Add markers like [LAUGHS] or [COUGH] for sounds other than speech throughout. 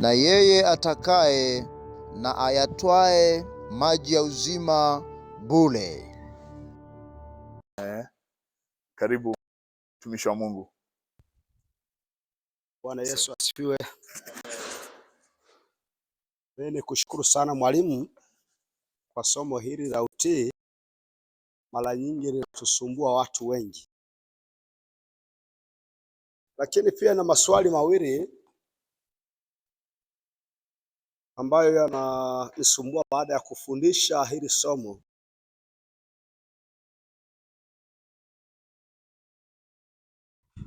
na yeye atakaye na ayatwae maji ya uzima bule. Eh, karibu mtumishi wa Mungu. Bwana Yesu asifiwe. Mimi ni kushukuru sana mwalimu kwa somo hili la utii. Mara nyingi linatusumbua watu wengi, lakini pia na maswali mawili ambayo yananisumbua baada ya kufundisha hili somo.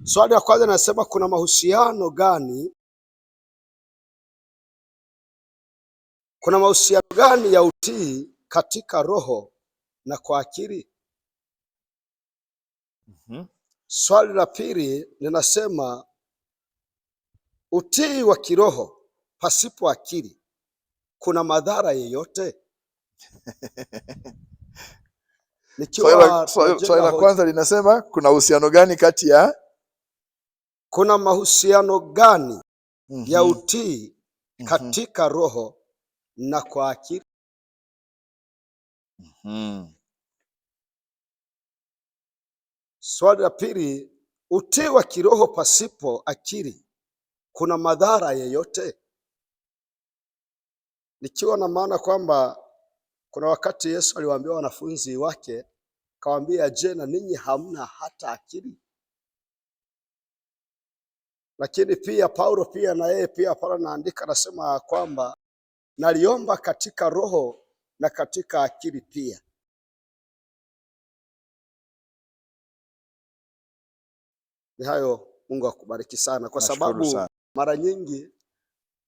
Swali la kwanza nasema, kuna mahusiano gani, kuna mahusiano gani ya utii katika roho na kwa akili? mm -hmm. Swali la pili linasema utii wa kiroho pasipo akili kuna madhara yeyote? [LAUGHS] Swali la kwanza linasema kuna uhusiano gani kati ya kuna mahusiano gani mm -hmm. ya mhm. utii mhm. katika mm -hmm. roho na kwa akili mm -hmm. Swali la pili, utii wa kiroho pasipo akili kuna madhara yeyote? Nikiwa na maana kwamba kuna wakati Yesu aliwaambia wanafunzi wake, akawaambia, je, na ninyi hamna hata akili? Lakini pia Paulo pia na yeye pia pale anaandika anasema kwamba naliomba katika roho na katika akili pia. Ni hayo. Mungu akubariki sana, kwa sababu sana. Mara nyingi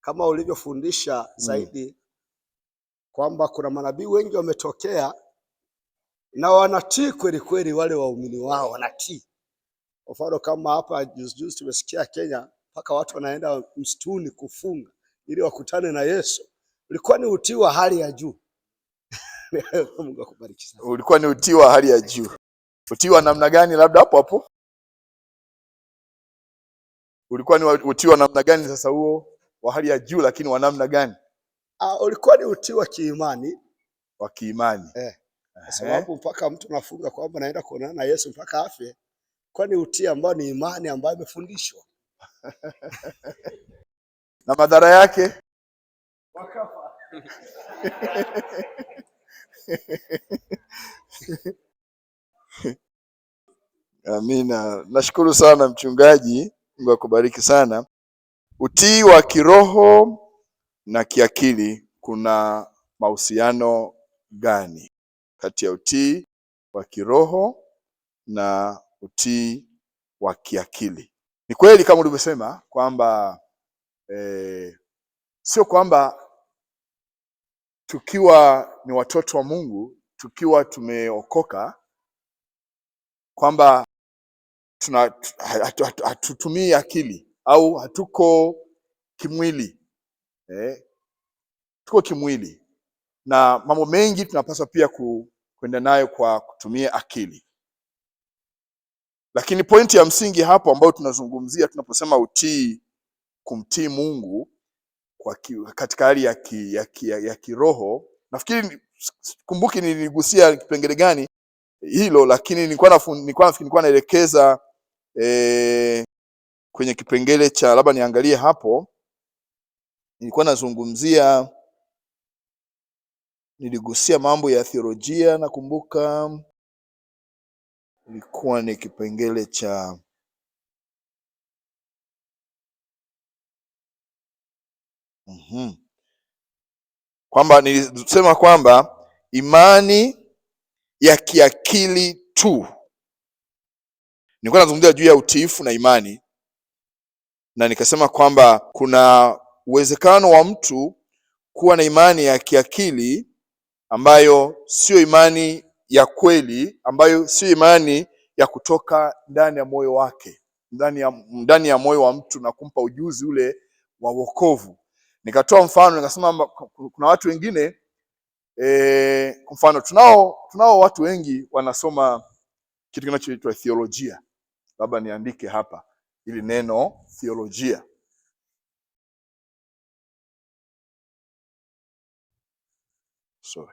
kama ulivyofundisha mm. zaidi mm kwamba kuna manabii wengi wametokea na wanatii kweli kweli, wale waumini wao wanatii. Kwa mfano kama hapa juzi juzi tumesikia Kenya, mpaka watu wanaenda msituni kufunga ili wakutane na Yesu. Ulikuwa ni utii wa hali ya juu [LAUGHS] Mungu akubariki sana. Ulikuwa ni utii wa hali ya juu. Utii wa namna gani? Labda hapo hapo ulikuwa ni utii wa namna gani? Sasa huo wa hali ya juu, lakini wa namna gani? Uh, ulikuwa ni utii wa kiimani wa kiimani eh, kwa sababu mpaka mtu nafunga kwamba naenda kuonana na Yesu mpaka afye, kwa ni utii ambao ni imani ambayo imefundishwa [LAUGHS] na madhara yake wakafa. [LAUGHS] Amina, nashukuru sana mchungaji, Mungu akubariki sana. Utii wa kiroho na kiakili kuna mahusiano gani kati ya utii wa kiroho na utii wa kiakili? Ni kweli kama ulivyosema kwamba eh, sio kwamba tukiwa ni watoto wa Mungu, tukiwa tumeokoka kwamba hatutumii akili au hatuko kimwili eh, tuko kimwili na mambo mengi tunapaswa pia ku, kwenda nayo kwa kutumia akili. Lakini pointi ya msingi hapo ambayo tunazungumzia tunaposema utii, kumtii Mungu kwa ki, katika hali ya, ki, ya, ki, ya, ya kiroho, nafikiri kumbuki niligusia kipengele gani hilo, lakini nilikuwa naelekeza eh, kwenye kipengele cha labda niangalie hapo nilikuwa nazungumzia, niligusia mambo ya theolojia. Nakumbuka ilikuwa ni kipengele cha mm-hmm, kwamba nilisema kwamba imani ya kiakili tu. Nilikuwa nazungumzia juu ya utiifu na imani, na nikasema kwamba kuna uwezekano wa mtu kuwa na imani ya kiakili ambayo siyo imani ya kweli, ambayo siyo imani ya kutoka ndani ya moyo wake, ndani ya, ndani ya moyo wa mtu na kumpa ujuzi ule wa wokovu. Nikatoa mfano nikasema kuna watu wengine e, kwa mfano tunao tunao watu wengi wanasoma kitu kinachoitwa theolojia, labda niandike hapa ili neno theolojia sorry.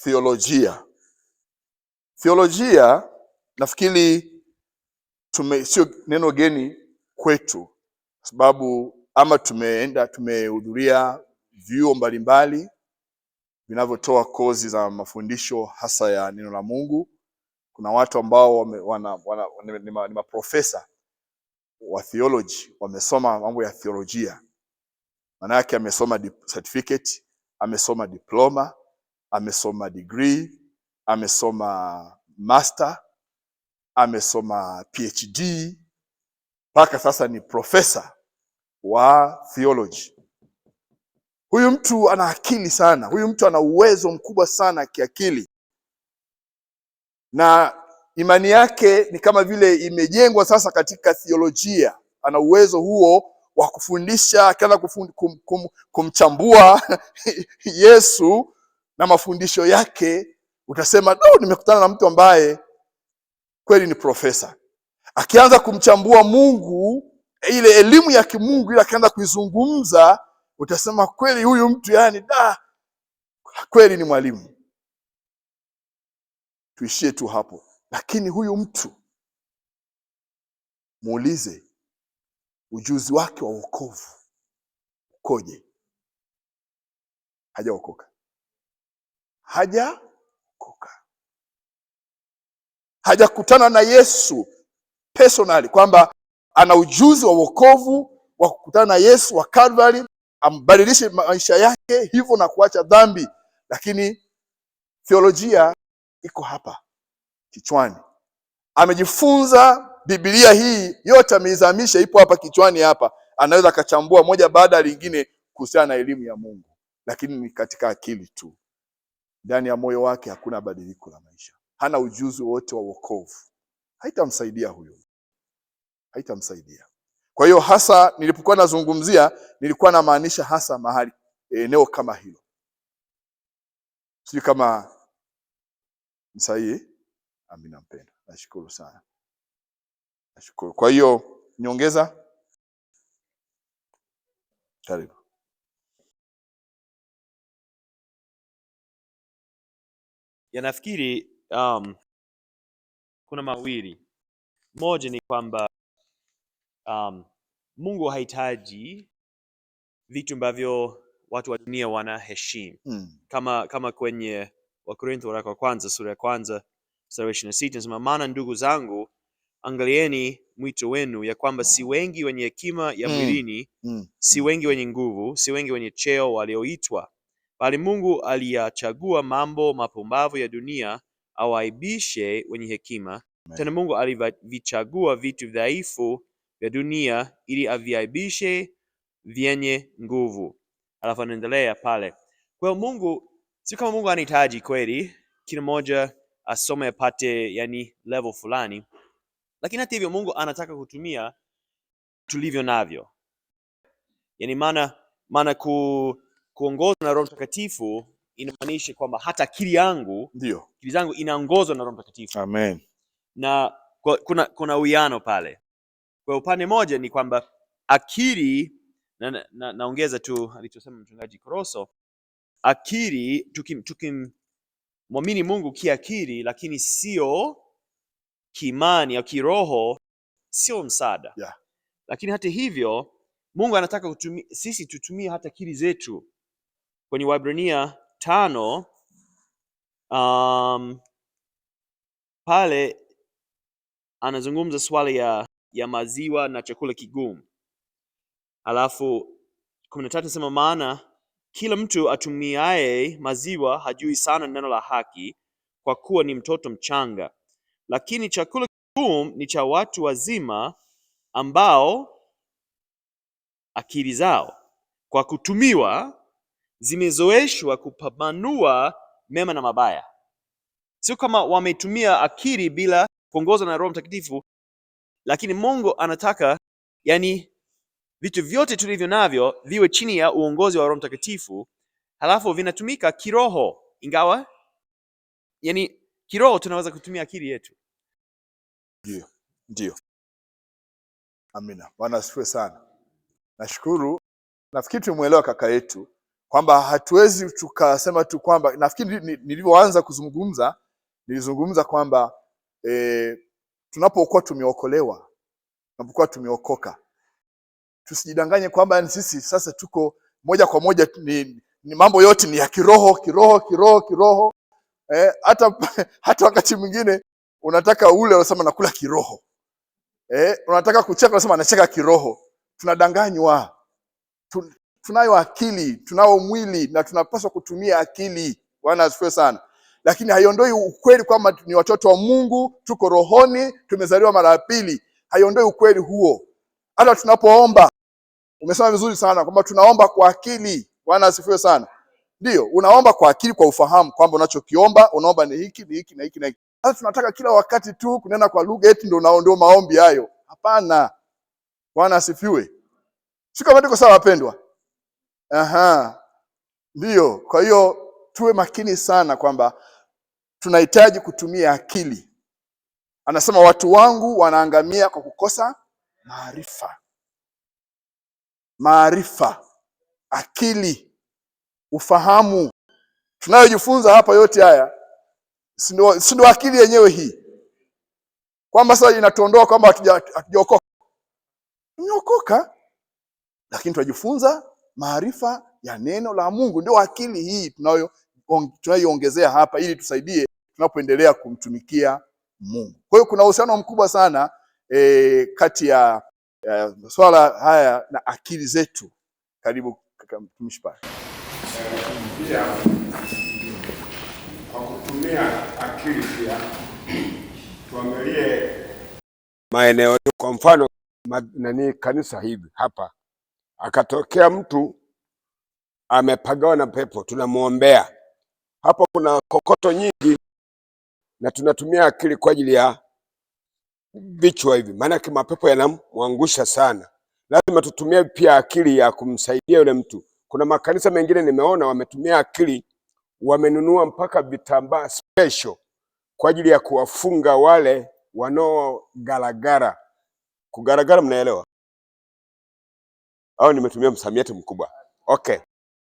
Theolojia. Theolojia nafikiri tume sio neno geni kwetu, sababu ama tumeenda tumehudhuria vyuo mbalimbali vinavyotoa kozi za mafundisho hasa ya neno la Mungu. Kuna watu ambao wame, wana, wana, ni maprofesa wa theology, wamesoma mambo ya theolojia, maana yake amesoma certificate, amesoma diploma, amesoma degree, amesoma master, amesoma PhD, mpaka sasa ni profesa wa theology Huyu mtu ana akili sana, huyu mtu ana uwezo mkubwa sana kiakili, na imani yake ni kama vile imejengwa sasa katika theolojia. Ana uwezo huo wa kufundisha, kufund, kum, kum, kumchambua [LAUGHS] Yesu na mafundisho yake, utasema no, nimekutana na mtu ambaye kweli ni profesa. Akianza kumchambua Mungu, ile elimu ya kimungu ile, akaanza kuizungumza utasema kweli, huyu mtu yani, da, kweli ni mwalimu. Tuishie tu hapo, lakini huyu mtu muulize ujuzi wake wa wokovu ukoje? Hajaokoka, hajaokoka, hajakutana na Yesu personally, kwamba ana ujuzi wa wokovu wa kukutana na Yesu wa Calvary ambadilishe maisha yake hivyo na kuacha dhambi. Lakini theolojia iko hapa kichwani, amejifunza Biblia hii yote ameizamisha, ipo hapa kichwani hapa, anaweza akachambua moja baada ya lingine kuhusiana na elimu ya Mungu, lakini ni katika akili tu. Ndani ya moyo wake hakuna badiliko la maisha, hana ujuzi wote wa wokovu. Haitamsaidia huyo, haitamsaidia. Kwa hiyo hasa nilipokuwa nazungumzia nilikuwa namaanisha hasa mahali eneo kama hilo, sijui kama ni sahihi. Amina nashukuru sana, nashukuru. Kwa hiyo nyongeza, karibu. Ya, nafikiri um, kuna mawili. Moja ni kwamba um, Mungu hahitaji vitu ambavyo watu wa dunia wanaheshimu hmm. kama, kama kwenye Wakorintho waraka wa kwanza sura ya kwanza sura ishirini na sita nasema, maana ndugu zangu, angalieni mwito wenu, ya kwamba si wengi wenye hekima ya hmm. mwilini hmm. si hmm. wengi wenye nguvu, si wengi wenye cheo walioitwa, bali Mungu aliyachagua mambo mapumbavu ya dunia awaibishe wenye hekima. Amen. Tena Mungu alivichagua vitu dhaifu vya dunia ili aviaibishe vyenye nguvu. Alafu anaendelea pale. Kwa hiyo Mungu si kama Mungu anahitaji kweli kila mmoja asome apate yani level fulani, lakini hata hivyo Mungu anataka kutumia tulivyo navyo, yani maana maana ku, kuongozwa na Roho Mtakatifu inamaanisha kwamba hata akili yangu ndio akili zangu inaongozwa na Roho Mtakatifu. Amen. Na kuna kuna uwiano pale kwa upande moja ni kwamba akili na, na, naongeza tu alichosema mchungaji Koroso, akili tukimwamini tukim, Mungu kiakili, lakini sio kiimani au kiroho, sio msaada yeah. Lakini hata hivyo Mungu anataka kutumi, sisi tutumie hata akili zetu kwenye Waebrania tano um, pale anazungumza swali ya ya maziwa na chakula kigumu. Alafu kumi na tatu nasema maana kila mtu atumiaye maziwa hajui sana neno la haki, kwa kuwa ni mtoto mchanga, lakini chakula kigumu ni cha watu wazima ambao akili zao kwa kutumiwa zimezoeshwa kupambanua mema na mabaya. Sio kama wametumia akili bila kuongozwa na Roho Mtakatifu lakini Mungu anataka yani vitu vyote tulivyo navyo viwe chini ya uongozi wa Roho Mtakatifu, halafu vinatumika kiroho, ingawa yani kiroho tunaweza kutumia akili yetu. Ndio, ndio. Amina. Bwana asifiwe sana. Nashukuru, nafikiri tumwelewa kaka yetu kwamba hatuwezi tukasema tu kwamba, nafikiri nilivyoanza kuzungumza nilizungumza kwamba eh, tunapokuwa tumeokolewa, tunapokuwa tumeokoka, tusijidanganye kwamba sisi sasa tuko moja kwa moja ni, ni mambo yote ni ya kiroho kiroho kiroho kiroho. Eh, hata, [LAUGHS] hata wakati mwingine unataka ule unasema nakula kiroho eh, unataka kucheka unasema anacheka kiroho. Tunadanganywa. Tunayo akili, tunao mwili na tunapaswa kutumia akili. Bwana asifiwe sana lakini haiondoi ukweli kwamba ni watoto wa Mungu, tuko rohoni, tumezaliwa mara ya pili. Haiondoi ukweli huo. Hata tunapoomba, umesema vizuri sana kwamba tunaomba kwa akili. Bwana asifiwe sana. Ndio, unaomba kwa akili, kwa ufahamu kwamba unachokiomba unaomba ni hiki ni hiki na hiki na hiki. Sasa tunataka kila wakati tu kunena kwa lugha eti ndio ndio maombi hayo. Hapana. Bwana asifiwe. Sio kama tuko sawa, wapendwa. Aha. Ndio, kwa hiyo tuwe makini sana kwamba tunahitaji kutumia akili. Anasema watu wangu wanaangamia kwa kukosa maarifa. Maarifa, akili, ufahamu tunayojifunza hapa, yote haya si ndio akili yenyewe hii, kwamba sasa inatuondoa kwamba hatujaokoka. Tumeokoka, lakini tunajifunza maarifa ya neno la Mungu, ndio akili hii tunayoiongezea hapa, ili tusaidie tunapoendelea kumtumikia Mungu. Kwa hiyo kuna uhusiano mkubwa sana e, kati ya masuala haya na akili zetu. Karibu mtumishi pale. Kwa kutumia akili pia tuangalie maeneo, kwa mfano nani, kanisa hivi hapa, akatokea mtu amepagawa na pepo, tunamwombea. Hapo kuna kokoto nyingi na tunatumia akili kwa ajili ya vichwa hivi, maanake mapepo yanamwangusha sana. Lazima tutumie pia akili ya kumsaidia yule mtu. Kuna makanisa mengine nimeona wametumia akili, wamenunua mpaka vitambaa special kwa ajili ya kuwafunga wale wanaogaragara. Kugaragara, mnaelewa au nimetumia msamiati mkubwa? Okay,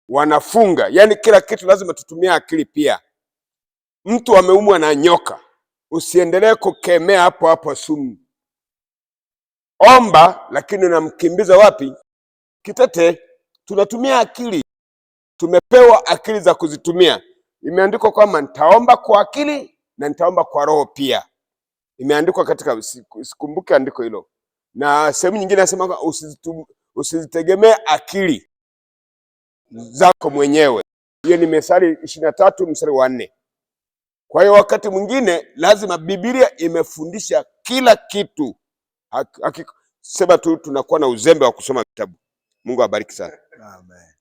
wanafunga, yani kila kitu lazima tutumie akili pia mtu ameumwa na nyoka, usiendelee kukemea hapo hapo sumu. Omba, lakini unamkimbiza wapi? Kitete. Tunatumia akili, tumepewa akili za kuzitumia. Imeandikwa kwamba nitaomba kwa akili na nitaomba kwa roho pia. Imeandikwa katika, sikumbuke andiko hilo, na sehemu nyingine nasema usizitegemee akili zako mwenyewe. Hiyo ni Methali ishirini na tatu mstari wa nne. Kwa hiyo wakati mwingine lazima, Biblia imefundisha kila kitu, akisema tu tunakuwa na uzembe wa kusoma vitabu. Mungu awabariki sana. Amen.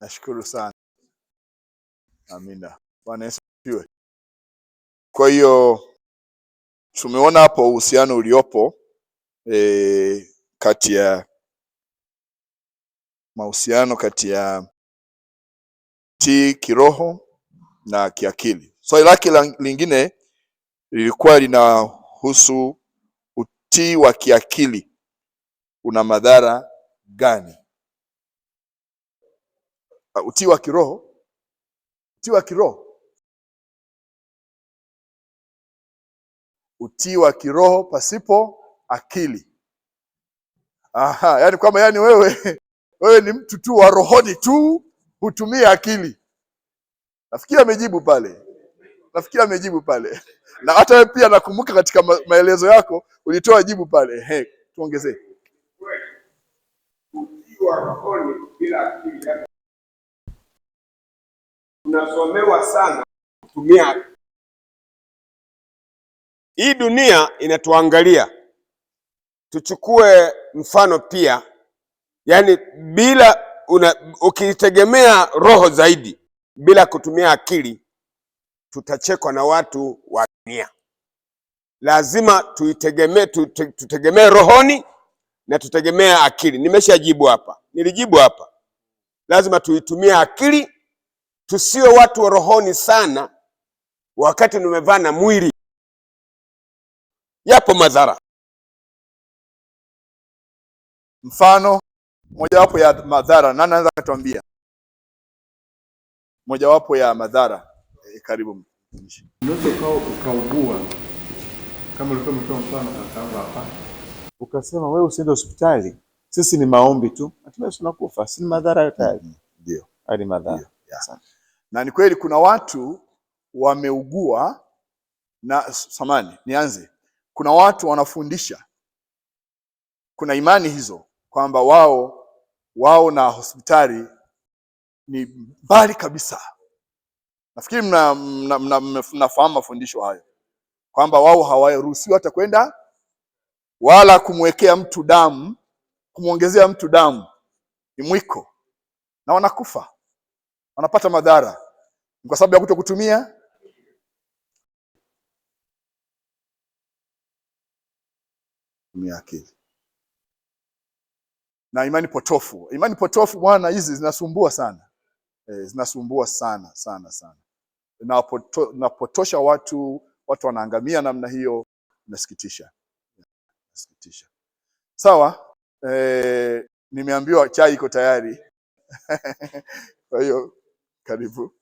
Nashukuru sana. Amina. Bwana Yesu asifiwe. Kwa hiyo tumeona hapo uhusiano uliopo e, kati ya mahusiano kati ya ti kiroho na kiakili. Swali lake lingine lilikuwa linahusu utii wa kiakili una madhara gani? Uh, utii wa kiroho, utii wa kiroho utii wa kiroho pasipo akili. Aha, yani kwamba yani wewe [LAUGHS] wewe ni mtu tu wa rohoni tu, hutumia akili. Nafikiri amejibu pale nafikiri amejibu pale, na hata wewe pia nakumbuka katika ma maelezo yako ulitoa jibu pale. He, tuongezee unasomewa sana kutumia hii dunia inatuangalia. Tuchukue mfano pia, yaani bila una ukitegemea roho zaidi bila kutumia akili tutachekwa na watu wa dunia. Lazima tuitegemee, tutegemee rohoni na tutegemee akili. Nimeshajibu hapa, nilijibu hapa. Lazima tuitumie akili, tusiwe watu wa rohoni sana wakati tumevaa na mwili. Yapo madhara. Mfano mojawapo ya madhara, nani anaweza akatuambia mojawapo ya madhara? E, karibu mtumishi. Unaweza ukaugua kama ulikuwa umetoa mfano kakaangu hapa, ukasema wewe usiende hospitali, sisi ni maombi tu, hatimaye unakufa. Si madhara yote hayo? Mm-hmm. Ndio, hayo ni madhara. Na ni kweli kuna watu wameugua na samani, nianze, kuna watu wanafundisha, kuna imani hizo kwamba wao wao na hospitali ni mbali kabisa, Nafikiri mnafahamu mna, mna, mna, mna mafundisho hayo kwamba wao hawaruhusiwi hata kwenda wala kumwekea mtu damu, kumwongezea mtu damu, ni mwiko na wanakufa, wanapata madhara kwa sababu ya kutokutumia tumia akili na imani potofu. Imani potofu bwana, hizi zinasumbua sana eh, zinasumbua sana sana sana na poto, na potosha watu, watu wanaangamia namna hiyo, nasikitisha nasikitisha. Sawa e, nimeambiwa chai iko tayari [LAUGHS] kwa hiyo karibu.